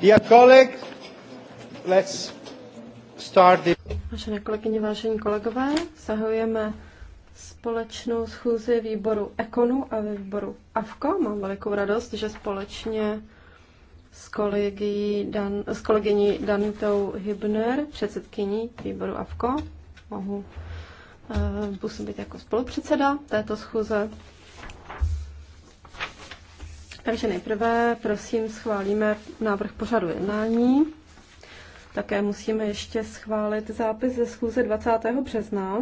Dear colleague, let's start the... Vážené kolegyně, vážení kolegové, zahajujeme společnou schůzi výboru Ekonu a výboru AFKO. Mám velikou radost, že společně s, kolegy Dan, s kolegyní Danitou Hibner, předsedkyní výboru AFKO, mohu eh, působit jako spolupředseda této schůze. Takže nejprve, prosím, schválíme návrh pořadu jednání. Také musíme ještě schválit zápis ze schůze 20. března.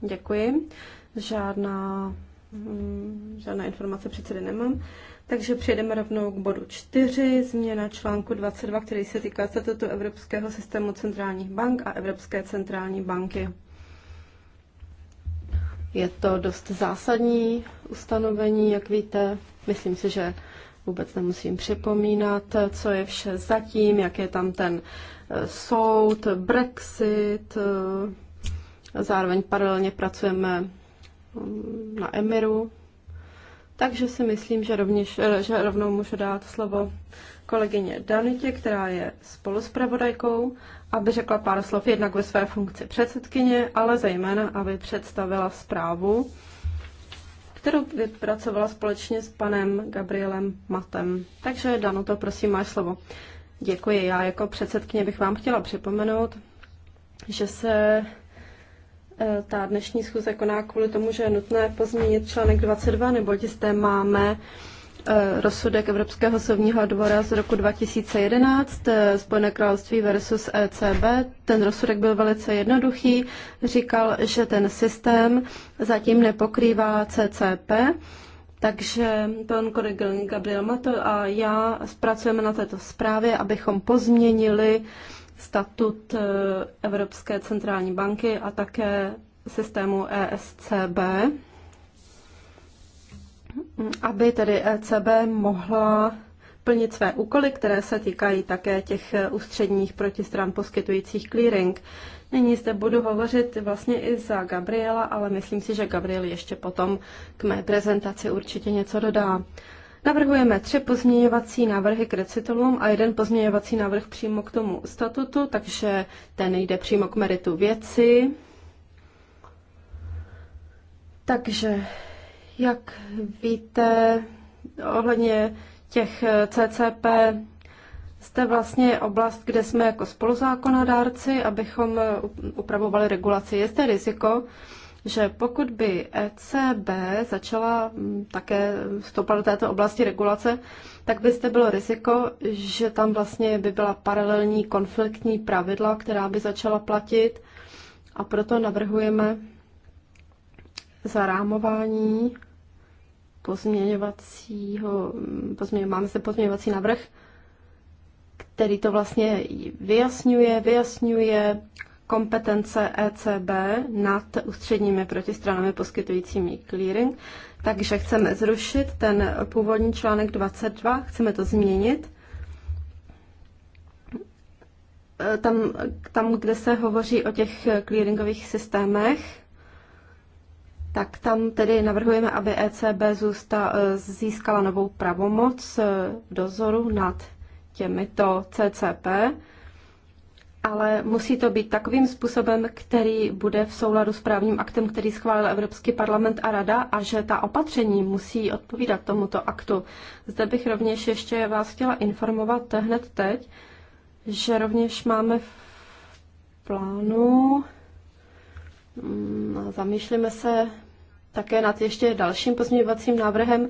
Děkuji. Žádná, mm, žádná informace předsedy nemám. Takže přejdeme rovnou k bodu 4, změna článku 22, který se týká statutu Evropského systému centrálních bank a Evropské centrální banky. Je to dost zásadní ustanovení, jak víte. Myslím si, že vůbec nemusím připomínat, co je vše zatím, jak je tam ten eh, soud, Brexit. Eh, zároveň paralelně pracujeme mm, na Emiru. Takže si myslím, že, rovněž, eh, že rovnou můžu dát slovo kolegyně Danitě, která je spoluspravodajkou, aby řekla pár slov jednak ve své funkci předsedkyně, ale zejména, aby představila zprávu kterou vypracovala společně s panem Gabrielem Matem. Takže Dano, to prosím, máš slovo. Děkuji. Já jako předsedkyně bych vám chtěla připomenout, že se e, ta dnešní schůze koná kvůli tomu, že je nutné pozměnit článek 22, neboť zde máme Eh, rozsudek Evropského soudního dvora z roku 2011, eh, Spojené království versus ECB. Ten rozsudek byl velice jednoduchý, říkal, že ten systém zatím nepokrývá CCP, takže pan kolega Gabriel Mato a já zpracujeme na této zprávě, abychom pozměnili statut eh, Evropské centrální banky a také systému ESCB aby tedy ECB mohla plnit své úkoly, které se týkají také těch ústředních protistran poskytujících clearing. Nyní zde budu hovořit vlastně i za Gabriela, ale myslím si, že Gabriel ještě potom k mé prezentaci určitě něco dodá. Navrhujeme tři pozměňovací návrhy k recitolům a jeden pozměňovací návrh přímo k tomu statutu, takže ten jde přímo k meritu věci. Takže jak víte, ohledně těch CCP jste vlastně oblast, kde jsme jako spoluzákonodárci, abychom upravovali regulaci. Je zde riziko, že pokud by ECB začala mm, také vstoupat do této oblasti regulace, tak by zde bylo riziko, že tam vlastně by byla paralelní konfliktní pravidla, která by začala platit. A proto navrhujeme, zarámování pozměňovacího, pozměň, máme se pozměňovací navrh, který to vlastně vyjasňuje, vyjasňuje kompetence ECB nad ústředními protistranami poskytujícími clearing. Takže chceme zrušit ten původní článek 22, chceme to změnit. E, tam, tam, kde se hovoří o těch clearingových systémech, tak tam tedy navrhujeme, aby ECB zůsta, e, získala novou pravomoc e, dozoru nad těmito CCP, ale musí to být takovým způsobem, který bude v souladu s právním aktem, který schválil Evropský parlament a Rada a že ta opatření musí odpovídat tomuto aktu. Zde bych rovněž ještě vás chtěla informovat hned teď, že rovněž máme v plánu Zamýšlíme se také nad ještě dalším pozměňovacím návrhem,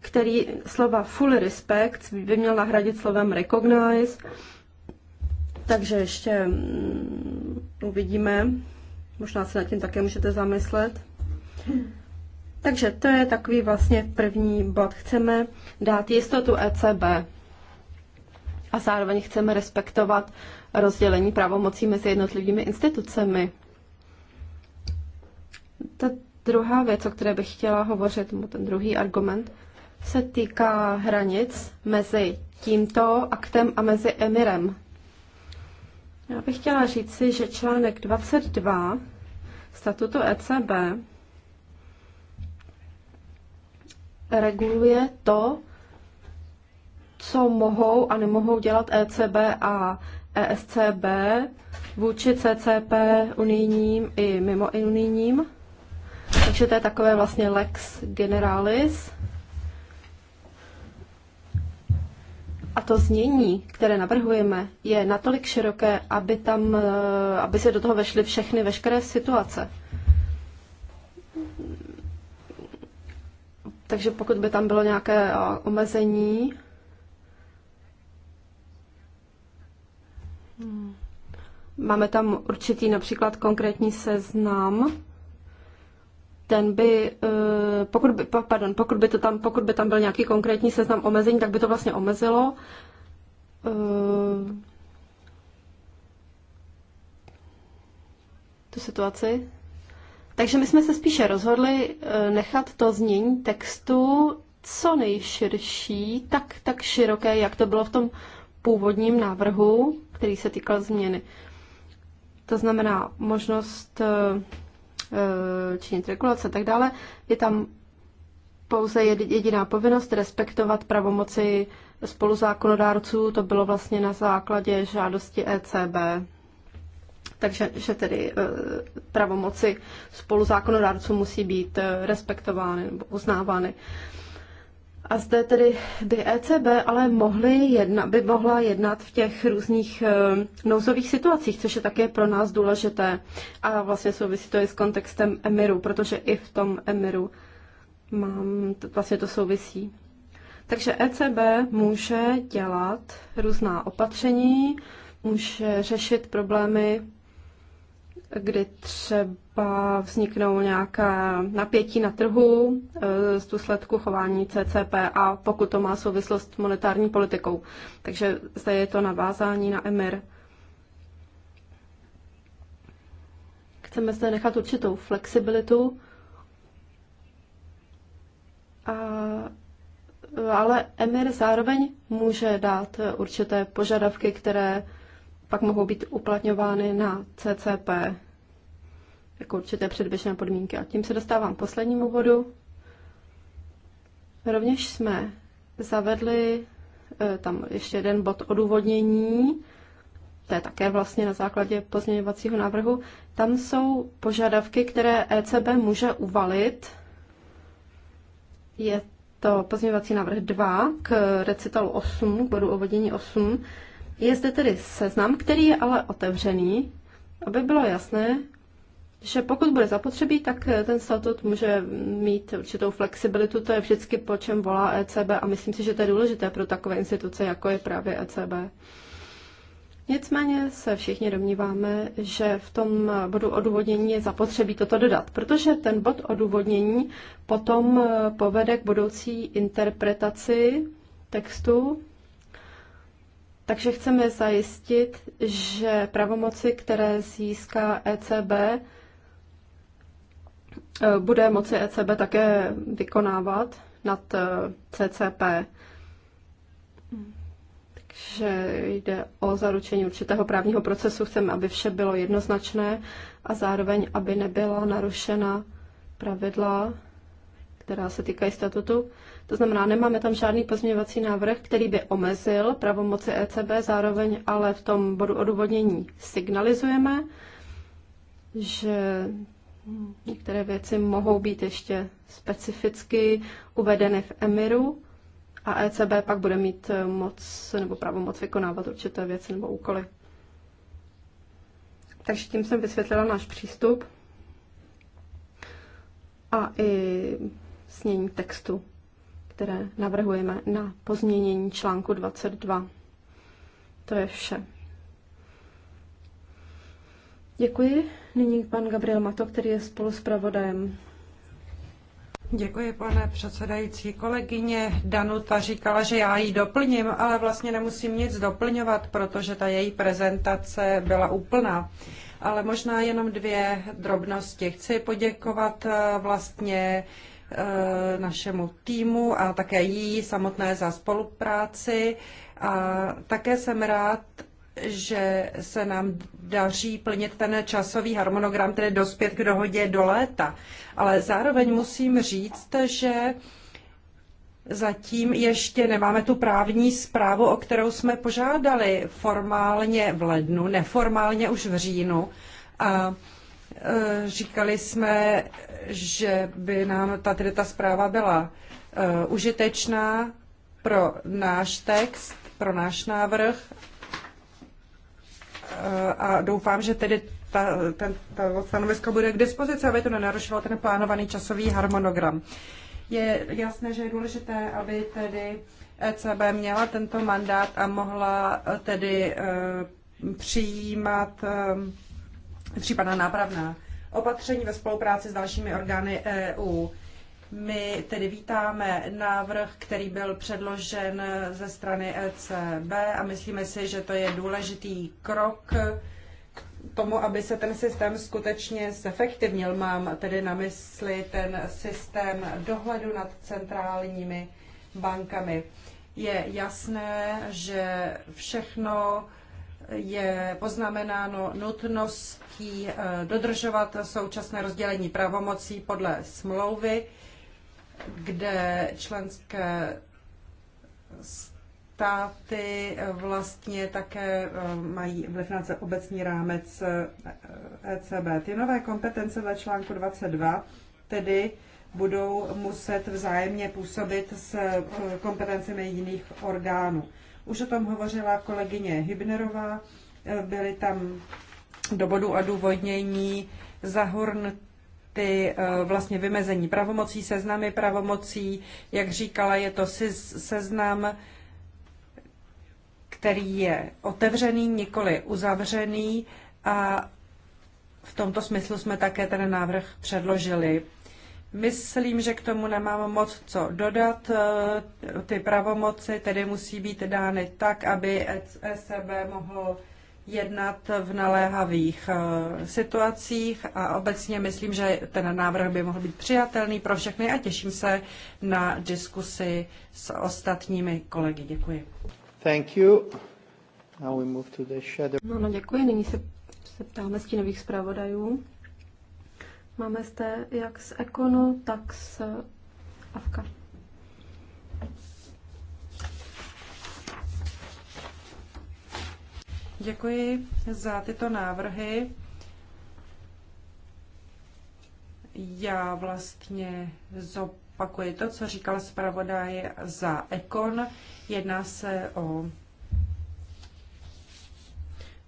který slova full respect by měl nahradit slovem recognize. Takže ještě mm, uvidíme. Možná se nad tím také můžete zamyslet. Takže to je takový vlastně první bod. Chceme dát jistotu ECB a zároveň chceme respektovat rozdělení pravomocí mezi jednotlivými institucemi. Ta druhá věc, o které bych chtěla hovořit, ten druhý argument, se týká hranic mezi tímto aktem a mezi emirem. Já bych chtěla říct si, že článek 22 statutu ECB reguluje to, co mohou a nemohou dělat ECB a ESCB vůči CCP unijním i mimo unijním. Takže to je takové vlastně lex generalis. A to znění, které navrhujeme, je natolik široké, aby, tam, eh, aby se do toho vešly všechny veškeré situace. Takže pokud by tam bylo nějaké eh, omezení, hmm. máme tam určitý například konkrétní seznam, ten by, eh, pokud by, pardon, pokud by, to tam, pokud by tam byl nějaký konkrétní seznam omezení, tak by to vlastně omezilo. Eh, tu situaci. Takže my jsme se spíše rozhodli eh, nechat to znění textu co nejširší, tak, tak široké, jak to bylo v tom původním návrhu, který se týkal změny. To znamená možnost Eh, činit regulace a tak dále, je tam pouze jediná povinnost respektovat pravomoci spoluzákonodárců. To bylo vlastně na základě žádosti ECB. Takže že tedy eh, pravomoci spoluzákonodárců musí být eh, respektovány nebo uznávány. A zde tedy by ECB ale mohly jedna, by mohla jednat v těch různých eh, nouzových situacích, což je také pro nás důležité. A vlastně souvisí to i s kontextem Emiru, protože i v tom Emiru mám, vlastně to souvisí. Takže ECB může dělat různá opatření, může řešit problémy kdy třeba vzniknou nějaká napětí na trhu eh, z důsledku chování CCP a pokud to má souvislost s monetární politikou. Takže zde je to navázání na EMIR. Chceme zde nechat určitou flexibilitu, a, ale EMIR zároveň může dát určité požadavky, které pak mohou být uplatňovány na CCP jako určité předběžné podmínky. A tím se dostávám k poslednímu bodu. Rovněž jsme zavedli eh, tam ještě jeden bod odůvodnění, to je také vlastně na základě pozměňovacího návrhu. Tam jsou požadavky, které ECB může uvalit. Je to pozměňovací návrh 2 k recitalu 8, k bodu odvodnění 8. Je zde tedy seznam, který je ale otevřený, aby bylo jasné, že pokud bude zapotřebí, tak eh, ten statut může mít určitou flexibilitu, to je vždycky po čem volá ECB a myslím si, že to je důležité pro takové instituce, jako je právě ECB. Nicméně se všichni domníváme, že v tom bodu odůvodnění je zapotřebí toto dodat, protože ten bod odůvodnění potom eh, povede k budoucí interpretaci textu takže chceme zajistit, že pravomoci, které získá ECB, eh, bude moci ECB také vykonávat nad eh, CCP. Takže jde o zaručení určitého právního procesu. Chceme, aby vše bylo jednoznačné a zároveň, aby nebyla narušena pravidla, která se týkají statutu. To znamená, nemáme tam žádný pozměňovací návrh, který by omezil pravomoci ECB, zároveň ale v tom bodu odůvodnění signalizujeme, že některé věci mohou být ještě specificky uvedeny v Emiru a ECB pak bude mít moc nebo pravomoc vykonávat určité věci nebo úkoly. Takže tím jsem vysvětlila náš přístup a i snění textu které navrhujeme na pozměnění článku 22. To je vše. Děkuji. Nyní pan Gabriel Mato, který je spolu s pravodajem. Děkuji, pane předsedající. Kolegyně Danuta říkala, že já ji doplním, ale vlastně nemusím nic doplňovat, protože ta její prezentace byla úplná. Ale možná jenom dvě drobnosti. Chci poděkovat eh, vlastně Eh, našemu týmu a také jí samotné za spolupráci. A také jsem rád, že se nám daří plnit ten časový harmonogram, tedy dospět k dohodě do léta. Ale zároveň musím říct, že zatím ještě nemáme tu právní zprávu, o kterou jsme požádali formálně v lednu, neformálně už v říjnu. A Eh, říkali jsme, že by nám ta, tedy ta zpráva byla eh, užitečná pro náš text, pro náš návrh eh, a doufám, že tedy ta, ten, ta stanovisko bude k dispozici, aby to nenarušilo ten plánovaný časový harmonogram. Je jasné, že je důležité, aby tedy ECB měla tento mandát a mohla tedy přijímat případná nápravná opatření ve spolupráci s dalšími orgány EU. My tedy vítáme návrh, který byl předložen ze strany ECB a myslíme si, že to je důležitý krok k tomu, aby se ten systém skutečně zefektivnil. Mám tedy na mysli ten systém dohledu nad centrálními bankami. Je jasné, že všechno je poznamenáno nutností eh, dodržovat současné rozdělení pravomocí podle smlouvy, kde členské státy eh, vlastně také eh, mají vliv na obecní rámec ECB. E Ty nové kompetence ve článku 22 tedy budou muset vzájemně působit s kompetencemi jiných orgánů. Už o tom hovořila kolegyně Hybnerová. Eh, byly tam do bodu a důvodnění ty eh, vlastně vymezení pravomocí, seznamy pravomocí. Jak říkala, je to seznam, který je otevřený, nikoli uzavřený a v tomto smyslu jsme také ten návrh předložili Myslím, že k tomu nemám moc co dodat. Eh, ty pravomoci tedy musí být dány tak, aby ECB mohlo jednat v naléhavých eh, situacích a obecně myslím, že ten návrh by mohl být přijatelný pro všechny a těším se na diskusi s ostatními kolegy. Děkuji. Thank you. Now we move to the shadow. No, no děkuji. Nyní se, se ptáme stínových zpravodajů. Máme zde jak z Ekonu, tak z Avka. Děkuji za tyto návrhy. Já vlastně zopakuji to, co říkal zpravodaj za Ekon. Jedná se o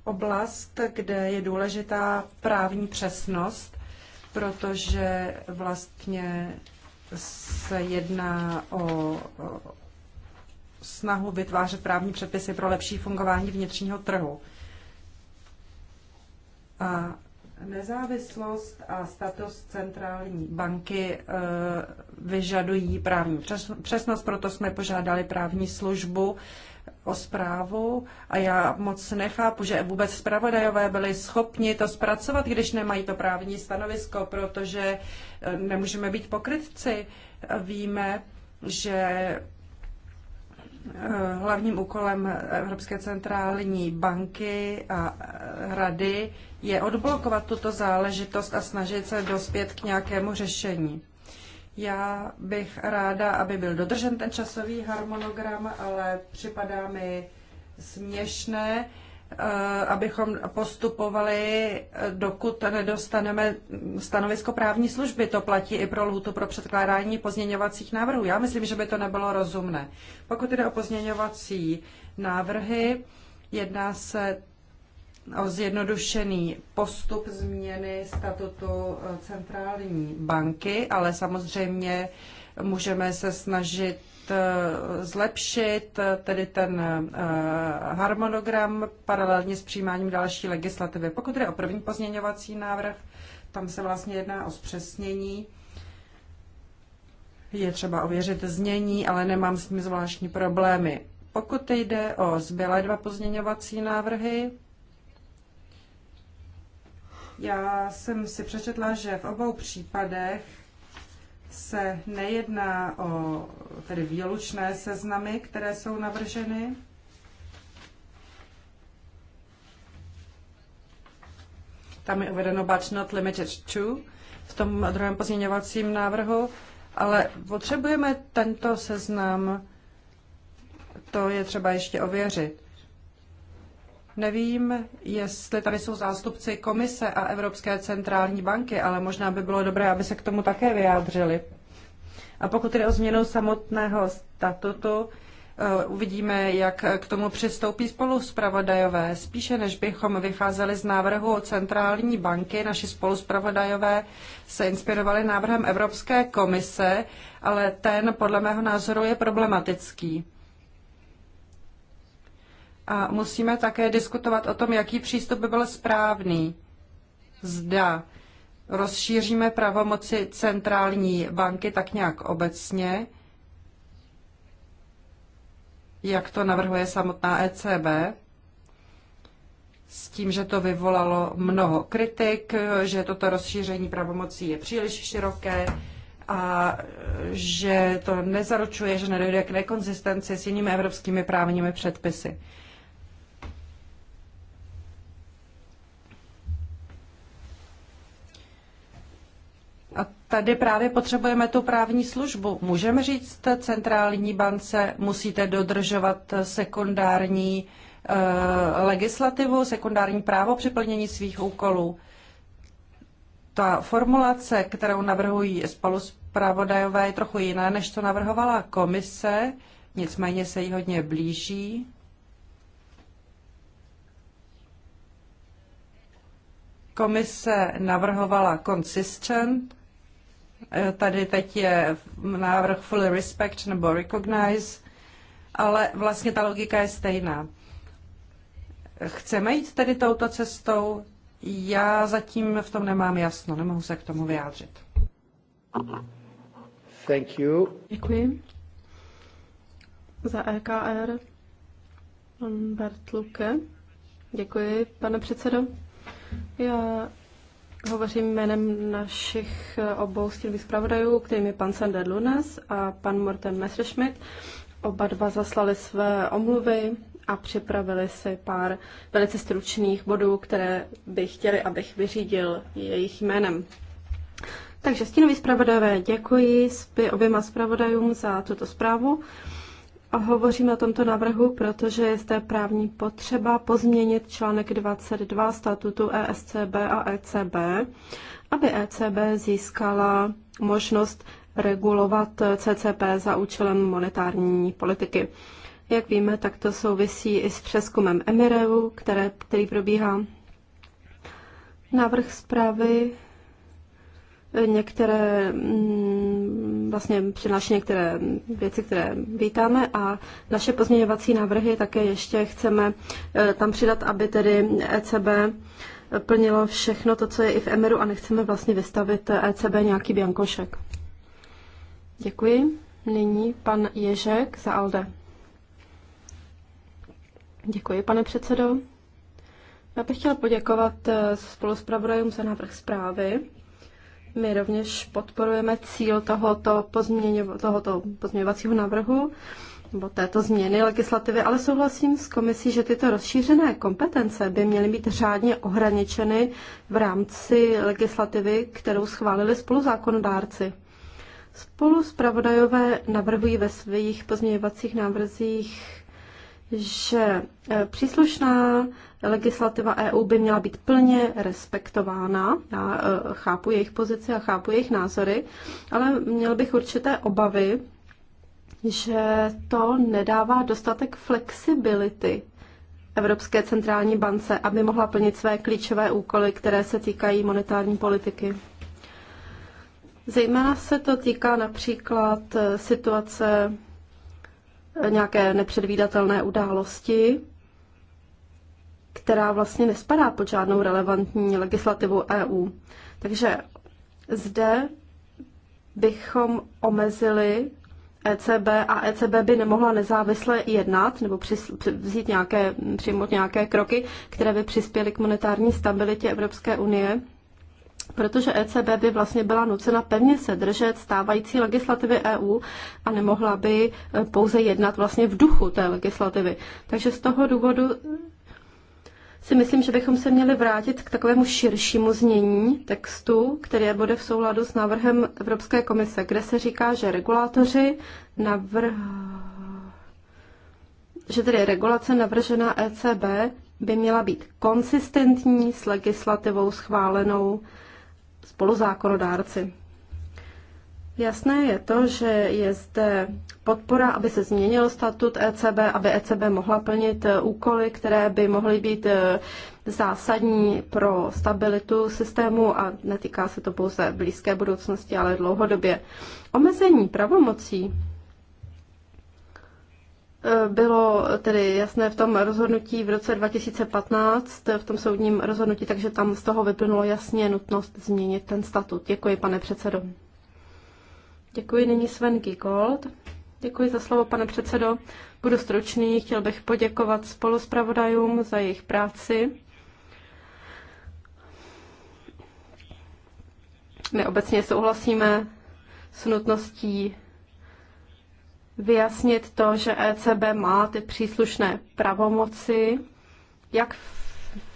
oblast, kde je důležitá právní přesnost protože vlastně se jedná o snahu vytvářet právní předpisy pro lepší fungování vnitřního trhu. A nezávislost a status centrální banky e, vyžadují právní přesnost, proto jsme požádali právní službu o zprávu a já moc nechápu, že vůbec zpravodajové byli schopni to zpracovat, když nemají to právní stanovisko, protože eh, nemůžeme být pokrytci. Víme, že eh, hlavním úkolem Evropské centrální banky a eh, rady je odblokovat tuto záležitost a snažit se dospět k nějakému řešení. Já bych ráda, aby byl dodržen ten časový harmonogram, ale připadá mi směšné, eh, abychom postupovali, eh, dokud nedostaneme stanovisko právní služby. To platí i pro lhutu pro předkládání pozměňovacích návrhů. Já myslím, že by to nebylo rozumné. Pokud jde o pozměňovací návrhy, jedná se o zjednodušený postup změny statutu eh, centrální banky, ale samozřejmě můžeme se snažit eh, zlepšit eh, tedy ten harmonogram paralelně s přijímáním další legislativy. Pokud jde o první pozměňovací návrh, tam se vlastně jedná o zpřesnění. Je třeba ověřit znění, ale nemám s tím zvláštní problémy. Pokud jde o zbylé dva pozměňovací návrhy, já jsem si přečetla, že v obou případech se nejedná o tedy výlučné seznamy, které jsou navrženy. Tam je uvedeno but not limited to v tom druhém pozměňovacím návrhu, ale potřebujeme tento seznam, to je třeba ještě ověřit. Nevím, jestli tady jsou zástupci komise a Evropské centrální banky, ale možná by bylo dobré, aby se k tomu také vyjádřili. A pokud jde o změnu samotného statutu, eh, uvidíme, jak k tomu přistoupí spoluspravodajové. Spíše než bychom vycházeli z návrhu centrální banky, naši spoluspravodajové se inspirovali návrhem Evropské komise, ale ten podle mého názoru je problematický. A musíme také diskutovat o tom, jaký přístup by byl správný. Zda rozšíříme pravomoci centrální banky tak nějak obecně, jak to navrhuje samotná ECB, s tím, že to vyvolalo mnoho kritik, že toto rozšíření pravomocí je příliš široké a že to nezaručuje, že nedojde k nekonzistenci s jinými evropskými právními předpisy. tady právě potřebujeme tu právní službu. Můžeme říct centrální bance, musíte dodržovat sekundární eh, legislativu, sekundární právo při plnění svých úkolů. Ta formulace, kterou navrhují spolu zpravodajové, je trochu jiná, než to navrhovala komise, nicméně se jí hodně blíží. Komise navrhovala consistent, Eh, tady teď je návrh Full Respect nebo Recognize, ale vlastně ta logika je stejná. Chceme jít tedy touto cestou? Já zatím v tom nemám jasno, nemohu se k tomu vyjádřit. Thank you. Děkuji. Za EKR Bert Luke. Děkuji, pane předsedo. Já Hovořím jménem našich eh, obou stílových zpravodajů, kterým je pan Sander Lunas a pan Morten Messerschmidt. Oba dva zaslali své omluvy a připravili si pár velice stručných bodů, které by chtěli, abych vyřídil jejich jménem. Takže stínoví zpravodajové děkuji oběma zpravodajům za tuto zprávu. Hovoříme o tomto návrhu, protože je zde právní potřeba pozměnit článek 22 statutu ESCB a ECB, aby ECB získala možnost regulovat CCP za účelem monetární politiky. Jak víme, tak to souvisí i s přeskumem Emireu, které, který probíhá. Návrh zprávy některé, mm, vlastně přináší některé věci, které vítáme a naše pozměňovací návrhy také ještě chceme eh, tam přidat, aby tedy ECB plnilo všechno to, co je i v Emeru a nechceme vlastně vystavit ECB nějaký biankošek. Děkuji. Nyní pan Ježek za ALDE. Děkuji, pane předsedo. Já bych chtěla poděkovat eh, spoluspravodajům za návrh zprávy. My rovněž podporujeme cíl tohoto, pozměňo, tohoto pozměňovacího návrhu nebo této změny legislativy, ale souhlasím s komisí, že tyto rozšířené kompetence by měly být řádně ohraničeny v rámci legislativy, kterou schválili spoluzákonodárci. Spolu zpravodajové navrhují ve svých pozměňovacích návrzích, že e, příslušná legislativa EU by měla být plně respektována. Já e, chápu jejich pozici a chápu jejich názory, ale měl bych určité obavy, že to nedává dostatek flexibility Evropské centrální bance, aby mohla plnit své klíčové úkoly, které se týkají monetární politiky. Zejména se to týká například e, situace e, nějaké nepředvídatelné události, která vlastně nespadá pod žádnou relevantní legislativu EU. Takže zde bychom omezili ECB a ECB by nemohla nezávisle jednat nebo vzít nějaké, přijmout nějaké kroky, které by přispěly k monetární stabilitě Evropské unie, protože ECB by vlastně byla nucena pevně se držet stávající legislativy EU a nemohla by eh, pouze jednat vlastně v duchu té legislativy. Takže z toho důvodu si myslím, že bychom se měli vrátit k takovému širšímu znění textu, který bude v souladu s návrhem Evropské komise, kde se říká, že regulátoři navrh... že tedy regulace navržená ECB by měla být konsistentní s legislativou schválenou spoluzákonodárci. Jasné je to, že je zde podpora, aby se změnil statut ECB, aby ECB mohla plnit eh, úkoly, které by mohly být eh, zásadní pro stabilitu systému a netýká se to pouze blízké budoucnosti, ale dlouhodobě. Omezení pravomocí eh, bylo tedy jasné v tom rozhodnutí v roce 2015, v tom soudním rozhodnutí, takže tam z toho vyplynulo jasně nutnost změnit ten statut. Děkuji, pane předsedo. Děkuji, nyní Sven Gigold. Děkuji za slovo, pane předsedo. Budu stručný, chtěl bych poděkovat spoluspravodajům za jejich práci. My obecně souhlasíme s nutností vyjasnit to, že ECB má ty příslušné pravomoci, jak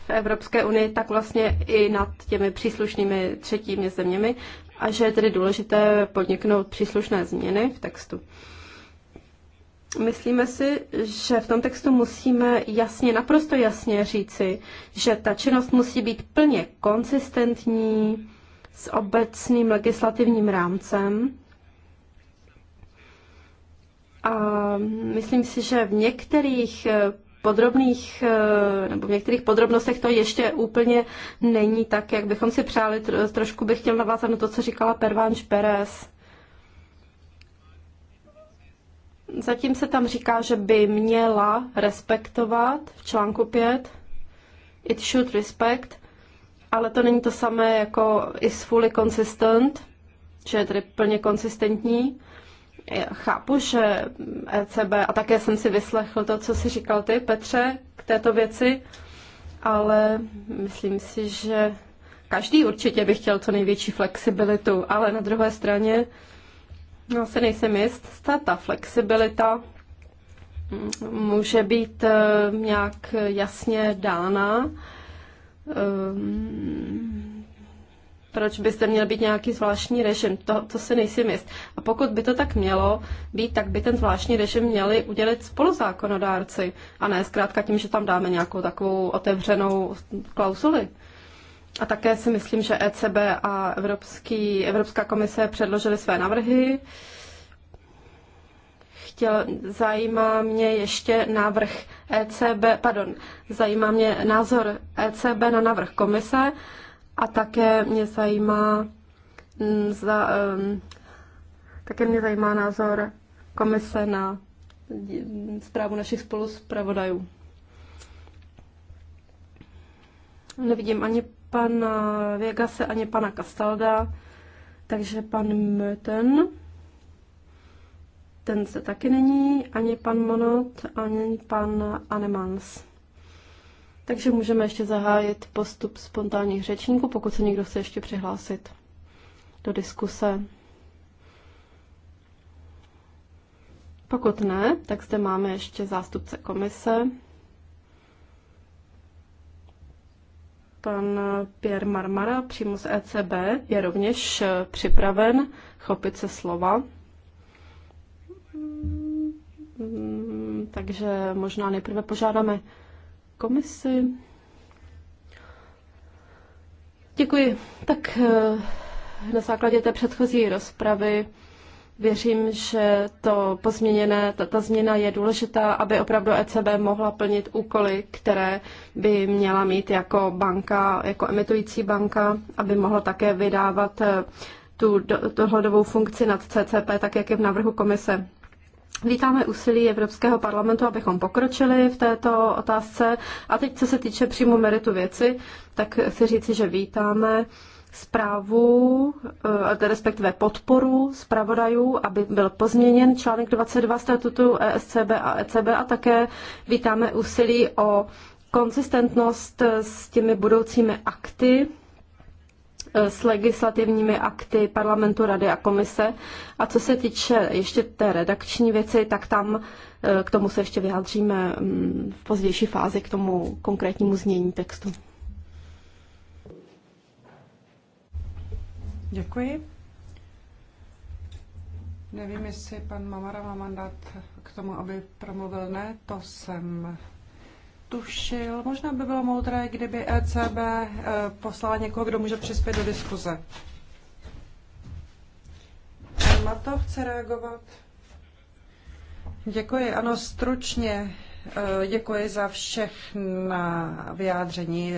v Evropské unii, tak vlastně i nad těmi příslušnými třetími zeměmi a že je tedy důležité podniknout příslušné změny v textu. Myslíme si, že v tom textu musíme jasně, naprosto jasně říci, že ta činnost musí být plně konsistentní s obecným legislativním rámcem. A myslím si, že v některých podrobných, eh, nebo v některých podrobnostech to ještě úplně není tak, jak bychom si přáli. Trošku bych chtěl navázat na to, co říkala Pervánč Perez. Zatím se tam říká, že by měla respektovat v článku 5. It should respect. Ale to není to samé jako is fully consistent, že je tedy plně konsistentní. Uh, Chápu, že ECB, a také jsem si vyslechl to, co si říkal ty, Petře, k této věci, ale myslím si, že každý určitě by chtěl co největší flexibilitu, ale na druhé straně no, se nejsem jist, ta, ta flexibilita může být eh, nějak jasně dána ehm, proč by zde měl být nějaký zvláštní režim, to, to se nejsem jist. A pokud by to tak mělo být, tak by ten zvláštní režim měli udělit spoluzákonodárci a ne zkrátka tím, že tam dáme nějakou takovou otevřenou klausuli. A také si myslím, že ECB a Evropský, Evropská komise předložili své návrhy. Chtěl, zajímá mě ještě návrh ECB, pardon, zajímá mě názor ECB na návrh komise a také mě zajímá, mm, za, um, také mě zajímá názor komise na mm, zprávu našich spoluzpravodajů. Nevidím ani pana Vegase, ani pana Castalda, takže pan Möten, ten se taky není, ani pan Monot, ani pan Anemans. Takže můžeme ještě zahájit postup spontánních řečníků, pokud se někdo chce ještě přihlásit do diskuse. Pokud ne, tak zde máme ještě zástupce komise. Pan Pierre Marmara přímo z ECB je rovněž připraven chopit se slova. Mm, takže možná nejprve požádáme komisi. Děkuji. Tak eh, na základě té předchozí rozpravy věřím, že to pozměněné, ta, ta změna je důležitá, aby opravdu ECB mohla plnit úkoly, které by měla mít jako banka, jako emitující banka, aby mohla také vydávat eh, tu dohledovou funkci nad CCP, tak jak je v návrhu komise. Vítáme úsilí Evropského parlamentu, abychom pokročili v této otázce. A teď, co se týče přímo meritu věci, tak chci říci, že vítáme zprávu, eh, respektive podporu zpravodajů, aby byl pozměněn článek 22 statutu ESCB a ECB a také vítáme úsilí o konzistentnost s těmi budoucími akty s legislativními akty parlamentu, rady a komise. A co se týče ještě té redakční věci, tak tam e, k tomu se ještě vyjádříme mm, v pozdější fázi k tomu konkrétnímu znění textu. Děkuji. Nevím, jestli pan Mamara má mandát k tomu, aby promluvil. Ne, to jsem tušil. Možná by bylo moudré, kdyby ECB eh, poslala někoho, kdo může přispět do diskuze. Pan Mato chce reagovat. Děkuji, ano, stručně. Eh, děkuji za všechna vyjádření.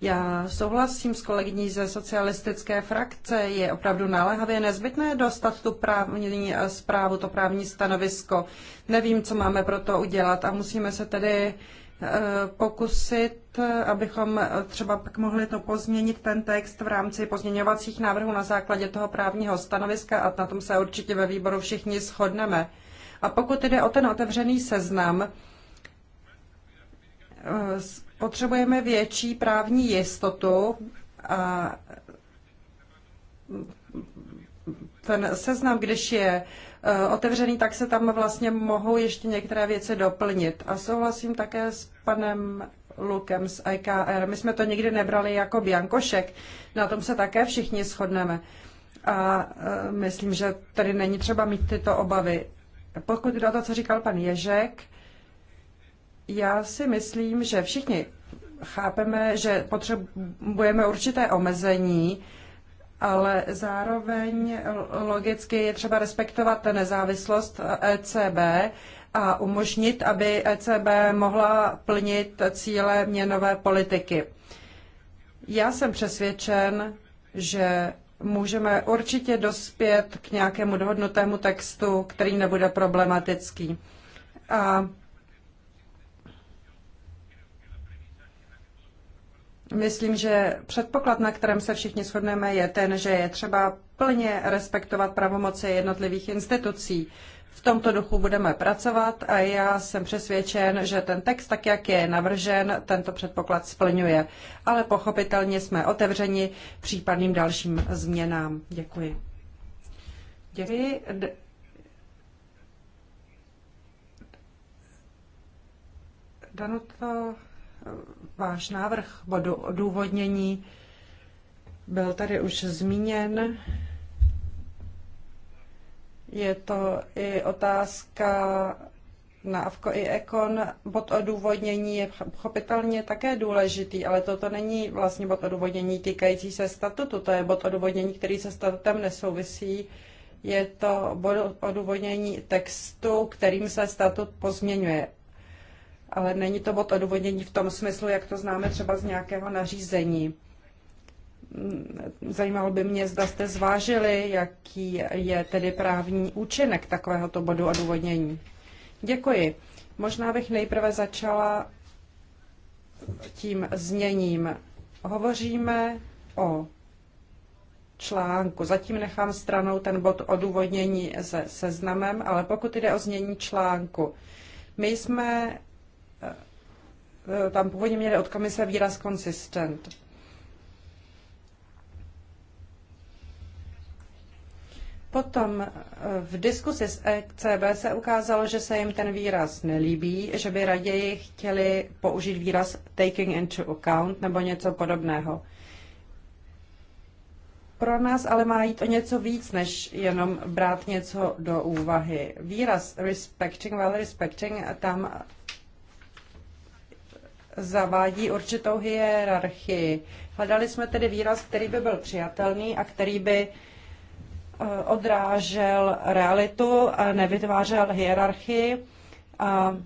Já souhlasím s kolegyní ze socialistické frakce. Je opravdu naléhavě nezbytné dostat tu právní eh, zprávu, to právní stanovisko. Nevím, co máme pro to udělat a musíme se tedy Eh, pokusit, abychom třeba pak mohli to pozměnit, ten text v rámci pozměňovacích návrhů na základě toho právního stanoviska a na tom se určitě ve výboru všichni shodneme. A pokud jde o ten otevřený seznam, eh, potřebujeme větší právní jistotu a ten seznam, když je Eh, otevřený, tak se tam vlastně mohou ještě některé věci doplnit. A souhlasím také s panem Lukem z IKR. My jsme to nikdy nebrali jako biankošek, na tom se také všichni shodneme. A eh, myslím, že tady není třeba mít tyto obavy. Pokud jde o to, co říkal pan Ježek, já si myslím, že všichni chápeme, že potřebujeme určité omezení, ale zároveň logicky je třeba respektovat nezávislost ECB a umožnit, aby ECB mohla plnit cíle měnové politiky. Já jsem přesvědčen, že můžeme určitě dospět k nějakému dohodnutému textu, který nebude problematický. A Myslím, že předpoklad, na kterém se všichni shodneme, je ten, že je třeba plně respektovat pravomoci jednotlivých institucí. V tomto duchu budeme pracovat a já jsem přesvědčen, že ten text, tak jak je navržen, tento předpoklad splňuje. Ale pochopitelně jsme otevřeni případným dalším změnám. Děkuji. Děkuji. Danuto váš návrh bodu odůvodnění byl tady už zmíněn. Je to i otázka na AVKO i EKON. Bod odůvodnění je pochopitelně také důležitý, ale toto není vlastně bod odůvodnění týkající se statutu, to je bod odůvodnění, který se statutem nesouvisí. Je to bod odůvodnění textu, kterým se statut pozměňuje ale není to bod odůvodnění v tom smyslu, jak to známe třeba z nějakého nařízení. Mm, zajímalo by mě, zda jste zvážili, jaký je tedy právní účinek takovéhoto bodu odůvodnění. Děkuji. Možná bych nejprve začala tím zněním. Hovoříme o článku. Zatím nechám stranou ten bod odůvodnění se seznamem, ale pokud jde o znění článku, my jsme Eh, tam původně měli od komise výraz consistent. Potom eh, v diskusi s ECB se ukázalo, že se jim ten výraz nelíbí, že by raději chtěli použít výraz taking into account nebo něco podobného. Pro nás ale má jít o něco víc, než jenom brát něco do úvahy. Výraz respecting, well respecting, tam zavádí určitou hierarchii. Hledali jsme tedy výraz, který by byl přijatelný a který by eh, odrážel realitu a nevytvářel hierarchii. A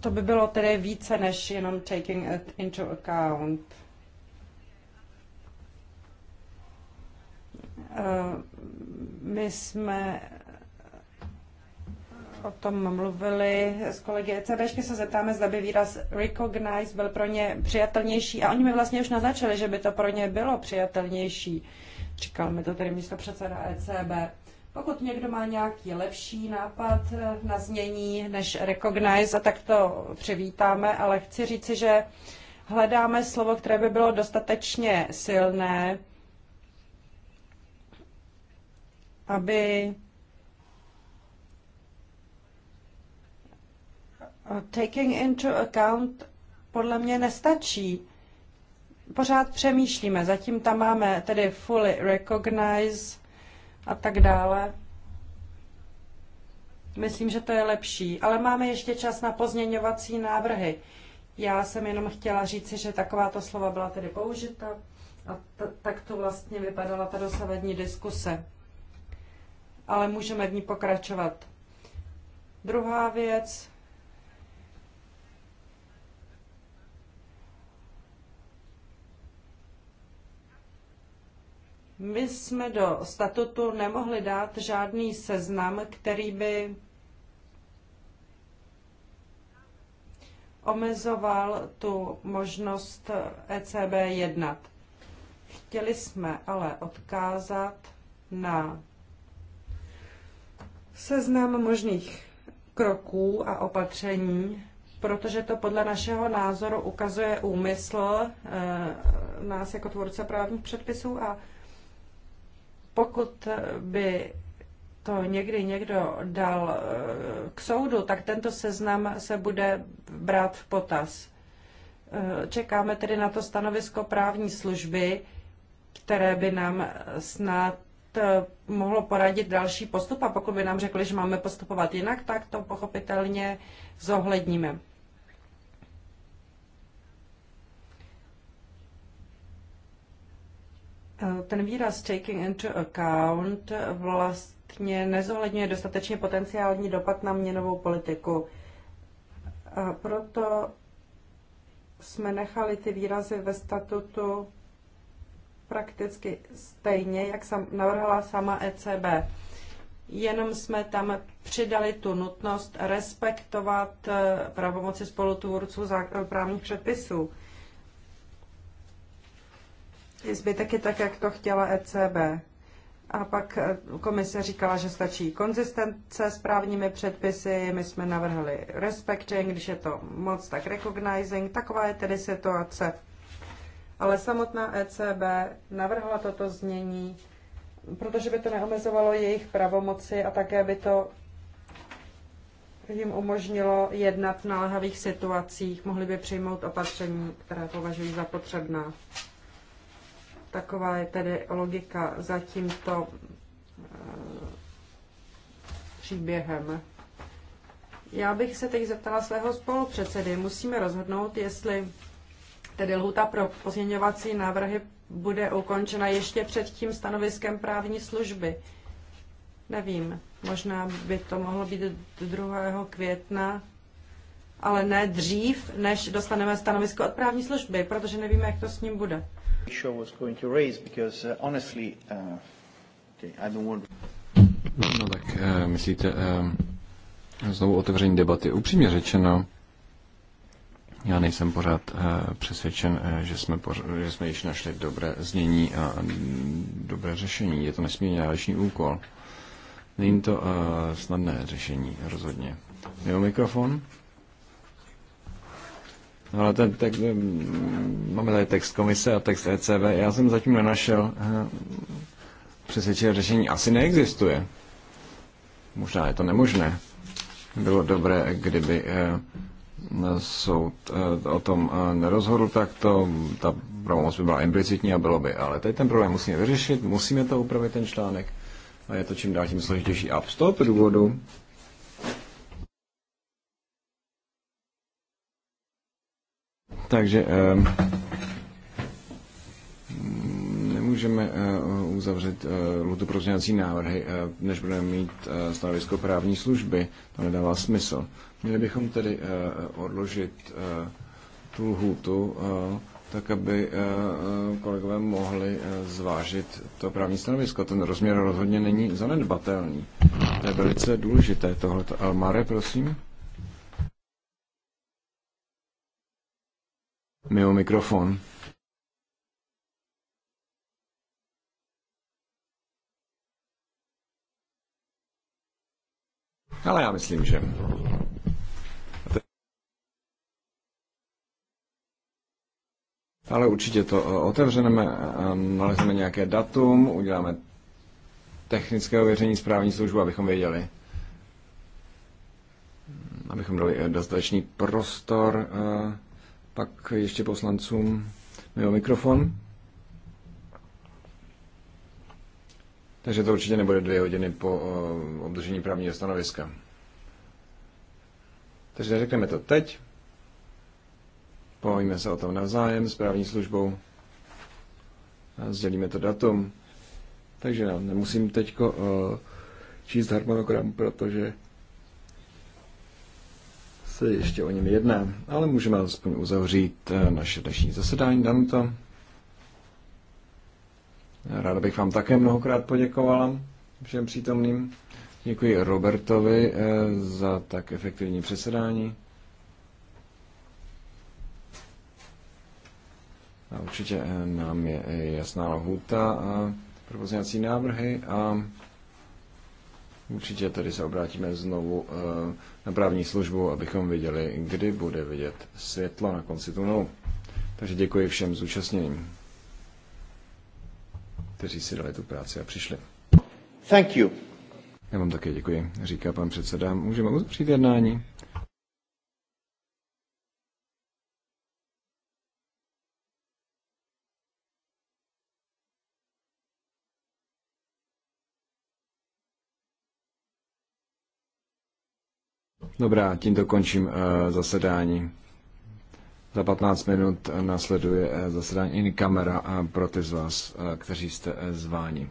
to by bylo tedy více než jenom taking it into account. Eh, my jsme o tom mluvili s kolegy ECB, se zeptáme, zda by výraz recognize byl pro ně přijatelnější. A oni mi vlastně už naznačili, že by to pro ně bylo přijatelnější. Říkal mi to tedy místo předseda ECB. Pokud někdo má nějaký lepší nápad na změní než recognize, a tak to přivítáme, ale chci říci, že hledáme slovo, které by bylo dostatečně silné, aby taking into account podle mě nestačí. Pořád přemýšlíme, zatím tam máme tedy fully recognize a tak dále. Myslím, že to je lepší, ale máme ještě čas na pozměňovací návrhy. Já jsem jenom chtěla říci, že takováto slova byla tedy použita a tak to vlastně vypadala ta dosavadní diskuse. Ale můžeme v ní pokračovat. Druhá věc, My jsme do statutu nemohli dát žádný seznam, který by omezoval tu možnost ECB jednat. Chtěli jsme ale odkázat na seznam možných kroků a opatření, protože to podle našeho názoru ukazuje úmysl eh, nás jako tvůrce právních předpisů a pokud by to někdy někdo dal eh, k soudu, tak tento seznam se bude brát v potaz. Eh, čekáme tedy na to stanovisko právní služby, které by nám snad eh, mohlo poradit další postup a pokud by nám řekli, že máme postupovat jinak, tak to pochopitelně zohledníme. Eh, ten výraz taking into account vlastně nezohledňuje dostatečně potenciální dopad na měnovou politiku. A proto jsme nechali ty výrazy ve statutu prakticky stejně, jak sam, navrhla sama ECB. Jenom jsme tam přidali tu nutnost respektovat eh, pravomoci spolutvůrců právních předpisů zbytek je tak, jak to chtěla ECB. A pak eh, komise říkala, že stačí konzistence s právními předpisy, my jsme navrhli respecting, když je to moc, tak recognizing, taková je tedy situace. Ale samotná ECB navrhla toto znění, protože by to neomezovalo jejich pravomoci a také by to jim umožnilo jednat v naléhavých situacích, mohli by přijmout opatření, které považují za potřebná. Taková je tedy logika za tímto eh, příběhem. Já bych se teď zeptala svého spolupředsedy. Musíme rozhodnout, jestli tedy lhuta pro pozměňovací návrhy bude ukončena ještě před tím stanoviskem právní služby. Nevím, možná by to mohlo být 2. května, ale ne dřív, než dostaneme stanovisko od právní služby, protože nevíme, jak to s ním bude show was going to raise because uh, honestly uh, okay, I don't want No tak uh, myslíte uh, znovu otevření debaty. Upřímně řečeno, já nejsem pořád uh, přesvědčen, uh, že, jsme pořád, že jsme již našli dobré znění a dobré řešení. Je to nesmírně náročný úkol. Není to uh, snadné řešení, rozhodně. Jo, mikrofon. No, ale ten tak, eh, máme tady text komise a text ECB. Já jsem zatím nenašel eh, přesvědčivé řešení. Asi neexistuje. Možná je to nemožné. Bylo dobré, kdyby eh, soud o tom nerozhodl, tak to, ta pravomoc by byla implicitní a bylo by. Ale teď ten problém musíme vyřešit, musíme to upravit ten článek a je to čím dál tím složitější. A z toho důvodu Takže ehm, nemůžeme eh, uzavřet eh, lhutu pro návrhy, eh, než budeme mít stanovisko právní služby. To nedává smysl. Měli bychom tedy odložit tu lhutu, tak aby kolegové mohli zvážit to právní stanovisko. Ten rozměr rozhodně není zanedbatelný. To je velice důležité tohle. Mare, prosím. mimo mikrofon. Ale já myslím, že Ale určitě to eh, otevřeme, eh, eh, nalezneme nějaké datum, uděláme technické ověření správní službu, abychom věděli, abychom dali dostatečný prostor pak ještě poslancům mimo mikrofon. Takže to určitě nebude dvě hodiny po obdržení právního stanoviska. Takže řekneme to teď. Povíme se o tom navzájem s právní službou. A sdělíme to datum. Takže no, nemusím teď číst harmonogram, protože se ještě o něm jedná, ale můžeme alespoň uzavřít eh, naše dnešní zasedání, to. Ráda bych vám také mnohokrát poděkovala všem přítomným. Děkuji Robertovi eh, za tak efektivní přesedání. A určitě eh, nám je jasná lhůta a propozňací návrhy a Určitě tady se obrátíme znovu eh, na právní službu, abychom viděli, kdy bude vidět světlo na konci tunelu. Takže děkuji všem zúčastněným, kteří si dali tu práci a přišli. Thank you. Já vám také děkuji, říká pan předseda. Můžeme uzavřít jednání. Dobrá, tímto končím eh, zasedání. Za 15 minut eh, nasleduje eh, zasedání in kamera pro ty z vás, kteří jste zváni.